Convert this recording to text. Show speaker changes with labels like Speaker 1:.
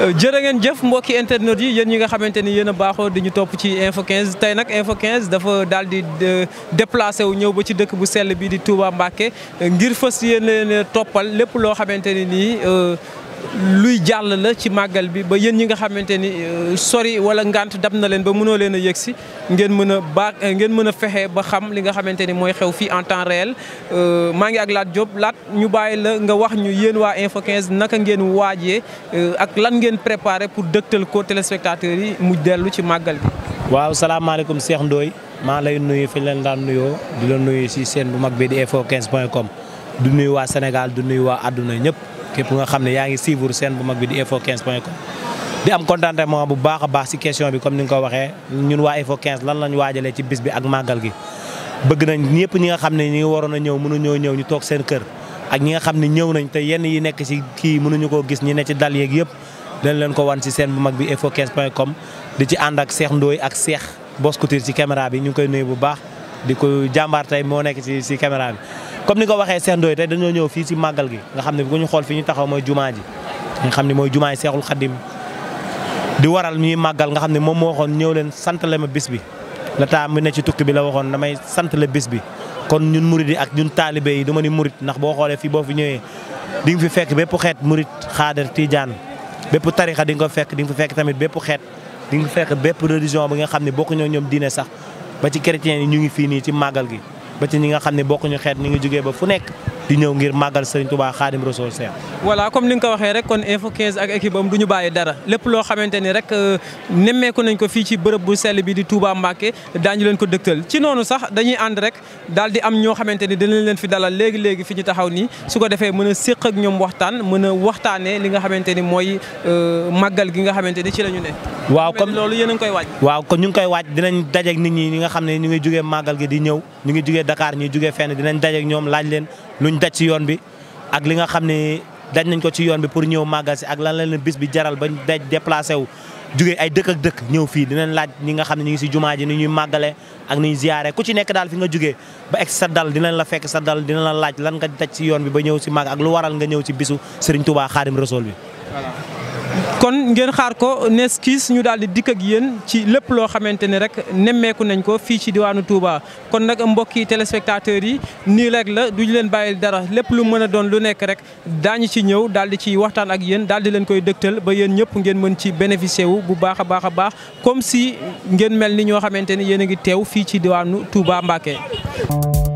Speaker 1: Euh, jërë ngeen jëf mbokki internet yi yéen yi nga xamante ni yéen a baaxoo dañu ñu topp ci info 15 tey nag info 15 dafa daal di déplacé wu ñëw ba ci dëkk bu sell bi di Touba Mbacké ngir fas yéen toppal lépp loo xamante ni nii euh, luy jàll la ci màggal bi ba yéen ñi nga xamante ni euh, sori wala ngant dab na leen ba mënoo leen a yëgsi ngeen mën a baax euh, ngeen mën a fexe ba xam li nga xamante ni mooy xew fii en temps réel. Euh, maa ngi ak laat Diop Lat ñu bàyyi la nga wax ñu yéen waa Info naka ngeen waajee ak lan ngeen préparé pour dëgtal ko téléspectateurs yi mu dellu ci màggal bi.
Speaker 2: waaw salaamaaleykum Cheikh Ndoye maa lay nuyu fi leen daan nuyoo di la nuyu si seen bu mag bi di info 15 point du nuyu waa Sénégal du nuyu waa àdduna ñëpp. képp nga xam ne yaa ngi suivre seen bu mag bi di info 15 point com di am contentement bu baax a baax si question bi comme ni nga ko waxee ñun waa info 15 lan lañ waajalee ci bis bi ak màggal gi bëgg nañ ñëpp ñi nga xam ne ñi ngi waroon a ñëw mënuñoo ñëw ñu toog seen kër ak ñi nga xam ne ñëw nañ te yenn yi nekk si kii mënuñu koo gis ñi ne ci dal yeeg yëpp dañ leen ko wan si seen bu mag bi info 15 point di ci ànd ak Cheikh Ndoye ak Cheikh Boscouture ci caméra bi ñu ngi koy nuyu bu baax di ko jàmbaar tey moo nekk ci ci caméra comme ni ko waxee Cheikh Ndoye tey dañoo ñëw fii si màggal gi nga xam ne bu ñu xool ñu taxaw mooy jumaa ji xam ne mooy jumaa yi Seexul Xadim di waral ñuy màggal nga xam ne moom moo waxoon ñëw leen sant la ma bis bi na taam bi na ci tukki bi la waxoon damay sant la bis bi kon ñun murit yi ak ñun taalibe yi du ma murit ndax boo xoolee fii boo fi ñëwee di nga fi fekk bépp xeet murit xaadar tijaan bépp tarixa di nga ko fekk di nga fi fekk tamit bépp xeet di nga fekk bépp religion bi nga xam ne bokkuñoo ñoom diine sax ba ci chrétien yi ñu ngi fii nii ci màggal gi ba ci ñi nga xam ne bokkuñu xeet ñu ngi jugee ba fu nekk di ñëw ngir màggal Serigne Touba Khadim Rassoul Seex.
Speaker 1: voilà comme ni nga ko waxee rek kon info 15 ak équipe du ñu bàyyi dara lépp loo xamante ni rek euh, nemmeeku nañ ko fii ci bërëb bu sell bi di Touba Mbacké daañu leen ko dëgtal ci noonu sax dañuy ànd rek daal di am ñoo xamante ni dinañ leen fi dalal léegi léegi fi ñu taxaw nii su ko defee mën a séq ak ñoom waxtaan mën a waxtaanee li nga xamante ni mooy euh, màggal gi nga xamante ni ci la ñu ne.
Speaker 2: waaw comme loolu yéen a koy waaj. waaw kon ñu ngi koy waaj dinañ dajeeg nit ñi ñi nga xam ne ñu ngi jugee màggal gi di ñëw ñu ngi jugee Dakar ñu jugee fenn dinañ dajeeg ñoom laaj leen luñ daj si yoon bi ak li nga xam ne daj nañ ko ci yoon bi pour ñëw màggal si ak lan la leen bis bi jaral bañ daj déplacé wu jugee ay dëkk dëkk ñëw fii dinañ laaj ni nga xam ne ñu ngi si jumaa ji ni ñuy màggale ak ni ñuy ziyaare ku ci nekk daal fi nga jugee ba egg sa dal la fekk sa dal dina la laaj lan nga daj si yoon bi ba ñëw si màgg ak lu waral nga ñëw si bisu Serigne Touba Xaadim Rasuul bi
Speaker 1: kon ngeen xaar ko Neskis ñu daal di dikk ak yéen ci lépp loo xamante ne rek nemmeeku nañ ko fii ci diwaanu Touba kon nag mbokki téléspectateurs yi nii rek la duñu leen bàyyil dara lépp lu mën a doon lu nekk rek daañu ci ñëw daal di ci waxtaan ak yéen daal di leen koy dëgtal ba yéen ñëpp ngeen mën ci bénéficier wu bu baax a baax a baax comme si ngeen mel ni ñoo xamante ne yéen a ngi teew fii ci diwaanu Touba Mbacké